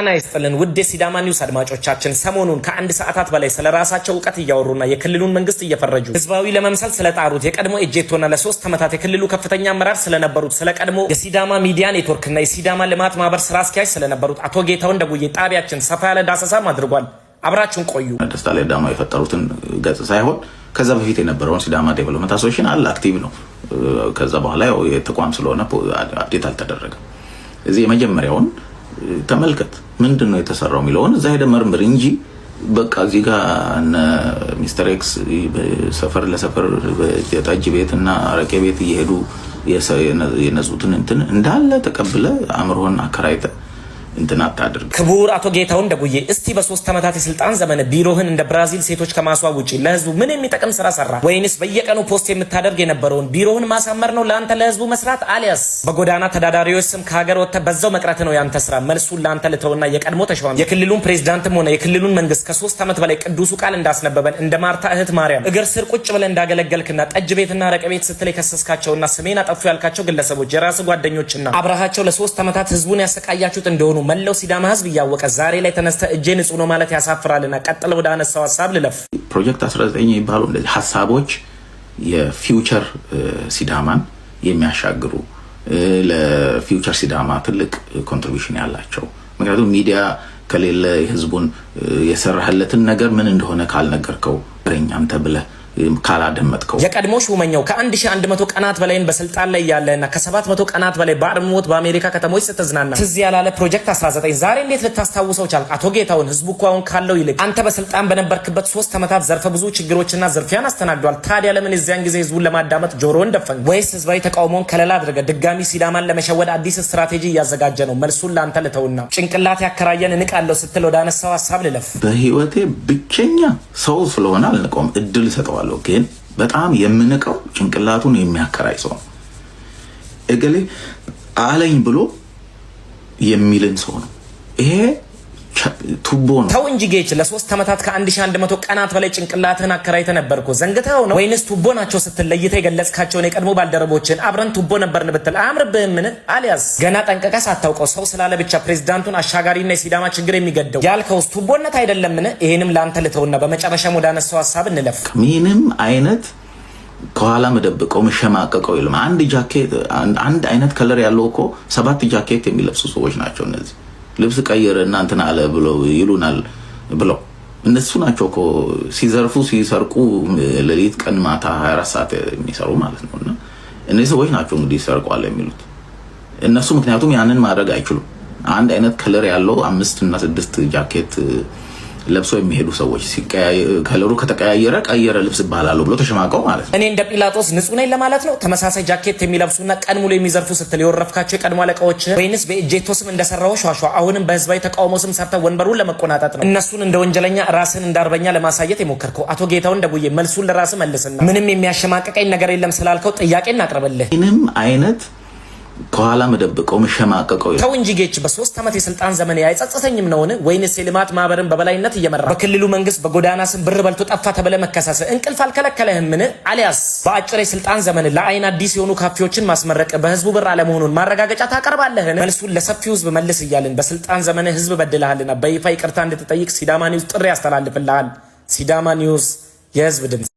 ጤና ይስጥልን ውድ ሲዳማ ኒውስ አድማጮቻችን፣ ሰሞኑን ከአንድ ሰዓታት በላይ ስለ ራሳቸው እውቀት እያወሩና የክልሉን መንግስት እየፈረጁ ህዝባዊ ለመምሰል ስለጣሩት የቀድሞ ኤጄቶና ለሶስት ዓመታት የክልሉ ከፍተኛ አመራር ስለነበሩት ስለ ቀድሞ የሲዳማ ሚዲያ ኔትወርክና የሲዳማ ልማት ማህበር ስራ አስኪያጅ ስለነበሩት አቶ ጌታሁን ደጉዬ ጣቢያችን ሰፋ ያለ ዳሰሳም አድርጓል። አብራችሁን ቆዩ። ደስታ ላይ ዳማ የፈጠሩትን ገጽ ሳይሆን ከዛ በፊት የነበረውን ሲዳማ ዴቨሎፕመንት አሶሽን አለ አክቲቭ ነው። ከዛ በኋላ ተቋም ስለሆነ አፕዴት አልተደረገም። እዚህ የመጀመሪያውን ተመልከት፣ ምንድን ነው የተሰራው የሚለውን እዛ ሄደ መርምር እንጂ በቃ እዚህ ጋር ሚስተር ኤክስ ሰፈር ለሰፈር የጠጅ ቤት እና አረቄ ቤት እየሄዱ የነጹትን እንትን እንዳለ ተቀብለ አእምሮህን አከራይተ እንትን አታድርግ። ክቡር አቶ ጌታሁን ደጉዬ፣ እስቲ በሶስት ዓመታት የስልጣን ዘመን ቢሮህን እንደ ብራዚል ሴቶች ከማስዋብ ውጭ ለህዝቡ ምን የሚጠቅም ስራ ሰራ? ወይንስ በየቀኑ ፖስት የምታደርግ የነበረውን ቢሮህን ማሳመር ነው ለአንተ ለህዝቡ መስራት? አሊያስ በጎዳና ተዳዳሪዎች ስም ከሀገር ወጥተህ በዛው መቅረት ነው ያንተ ስራ? መልሱን ለአንተ ልተውና የቀድሞ ተሿሚ የክልሉን ፕሬዚዳንትም ሆነ የክልሉን መንግስት ከሶስት ዓመት በላይ ቅዱሱ ቃል እንዳስነበበን እንደ ማርታ እህት ማርያም እግር ስር ቁጭ ብለን እንዳገለገልክና ጠጅ ቤትና ረቀ ቤት ስትል የከሰስካቸውና ስሜን አጠፉ ያልካቸው ግለሰቦች የራስ ጓደኞችና አብረሃቸው ለሶስት ዓመታት ህዝቡን ያሰቃያችሁት እንደሆኑ መላው ሲዳማ ህዝብ እያወቀ ዛሬ ላይ ተነስተ እጄ ንጹህ ነው ማለት ያሳፍራልና ቀጥለ ወደ አነሳው ሀሳብ ልለፍ። ፕሮጀክት 19 የሚባሉ እንደዚህ ሀሳቦች የፊውቸር ሲዳማን የሚያሻግሩ ለፊውቸር ሲዳማ ትልቅ ኮንትሪቢሽን ያላቸው ምክንያቱም ሚዲያ ከሌለ የህዝቡን የሰራህለትን ነገር ምን እንደሆነ ካልነገርከው ረኝ ተብለህ ካላደመጥከው የቀድሞ ሹመኛው ከ1100 ቀናት በላይ በስልጣን ላይ ያለና ከ700 ቀናት በላይ በአርምሞት በአሜሪካ ከተሞች ስትዝናና ትዝ ያላለ ፕሮጀክት 19 ዛሬ እንዴት ልታስታውሰው ቻልክ? አቶ ጌታውን ህዝቡ እኮ አሁን ካለው ይልቅ አንተ በስልጣን በነበርክበት ሶስት ዓመታት ዘርፈ ብዙ ችግሮችና ዝርፊያን አስተናግዷል። ታዲያ ለምን የዚያን ጊዜ ህዝቡን ለማዳመጥ ጆሮን ደፈን? ወይስ ህዝባዊ ተቃውሞውን ከለላ አድርገ ድጋሚ ሲዳማን ለመሸወድ አዲስ ስትራቴጂ እያዘጋጀ ነው? መልሱን ለአንተ ልተውና ጭንቅላት ያከራየን እንቃለው ስትል ወደ አነሳው ሀሳብ ልለፍ። በህይወቴ ብቸኛ ሰው ስለሆነ አልንቀውም፣ እድል ይሰጠዋል እወደዋለሁ፣ ግን በጣም የምንቀው ጭንቅላቱን የሚያከራይ ሰው ነው። እገሌ አለኝ ብሎ የሚልን ሰው ነው ይሄ ቱቦ ነው። ተው እንጂ ጌች፣ ለሶስት ዓመታት ከ1100 ቀናት በላይ ጭንቅላትህን አከራይተህ ነበር እኮ ዘንግተኸው ነው ወይንስ ቱቦ ናቸው ስትል ለይተህ የገለጽካቸውን የቀድሞ ባልደረቦችን አብረን ቱቦ ነበርን ብትል አያምርብህም? ምን አሊያስ ገና ጠንቀቀ አታውቀው ሰው ስላለ ብቻ ፕሬዚዳንቱን አሻጋሪና የሲዳማ ችግር የሚገደው ያልከውስ ቱቦነት አይደለምን? ይህንም ለአንተ ልተውና በመጨረሻም ወደ ሀሳብ እንለፍ። ምንም አይነት ከኋላ መደብቀው መሸማቀቀው ይልም አንድ ጃኬት አንድ አይነት ከለር ያለው እኮ ሰባት ጃኬት የሚለብሱ ሰዎች ናቸው እነዚህ። ልብስ ቀይር እና አለ ብሎ ይሉናል ብለው እነሱ ናቸው እኮ ሲዘርፉ ሲሰርቁ ሌሊት ቀን ማታ 24 ሰዓት የሚሰሩ ማለት ነው። እና እነዚህ ሰዎች ናቸው እንግዲህ ይሰርቋል የሚሉት እነሱ ምክንያቱም ያንን ማድረግ አይችሉም። አንድ አይነት ከለር ያለው አምስት እና ስድስት ጃኬት ለብሰው የሚሄዱ ሰዎች ከለሩ ከተቀያየረ ቀየረ ልብስ ይባላሉ ብሎ ተሸማቀው ማለት ነው። እኔ እንደ ጲላጦስ ንጹህ ነኝ ለማለት ነው። ተመሳሳይ ጃኬት የሚለብሱና ቀን ሙሉ የሚዘርፉ ስትል የወረፍካቸው የቀድሞ አለቃዎች ወይንስ በእጄቶ ስም እንደሰራው ሸዋሸዋ አሁንም በህዝባዊ ተቃውሞ ስም ሰርተ ወንበሩን ለመቆናጠጥ ነው እነሱን እንደ ወንጀለኛ ራስን እንደ አርበኛ ለማሳየት የሞከርከው? አቶ ጌታውን ደጉዬ መልሱን ለራስ መልስና ምንም የሚያሸማቀቀኝ ነገር የለም ስላልከው ጥያቄ እናቅርብልህ። ምንም አይነት ከኋላ መደብቀው መሸማቀቀው ተው እንጂ ጌች በሶስት ዓመት የስልጣን ዘመን አይጸጽተኝም ነውን? ወይንስ የልማት ማህበርን በበላይነት እየመራ በክልሉ መንግስት በጎዳና ስም ብር በልቶ ጠፋ ተብለ መከሳሰ እንቅልፍ አልከለከለህም? አልከለከለህምን? አሊያስ በአጭር የስልጣን ዘመን ለአይን አዲስ የሆኑ ካፌዎችን ማስመረቅ በህዝቡ ብር አለመሆኑን ማረጋገጫ ታቀርባለህን? መልሱን ለሰፊው ህዝብ መልስ እያልን በስልጣን ዘመን ህዝብ በድልሃልና በይፋ ይቅርታ እንድትጠይቅ ሲዳማ ኒውስ ጥሪ ያስተላልፍልሃል። ሲዳማ ኒውስ የህዝብ ድምፅ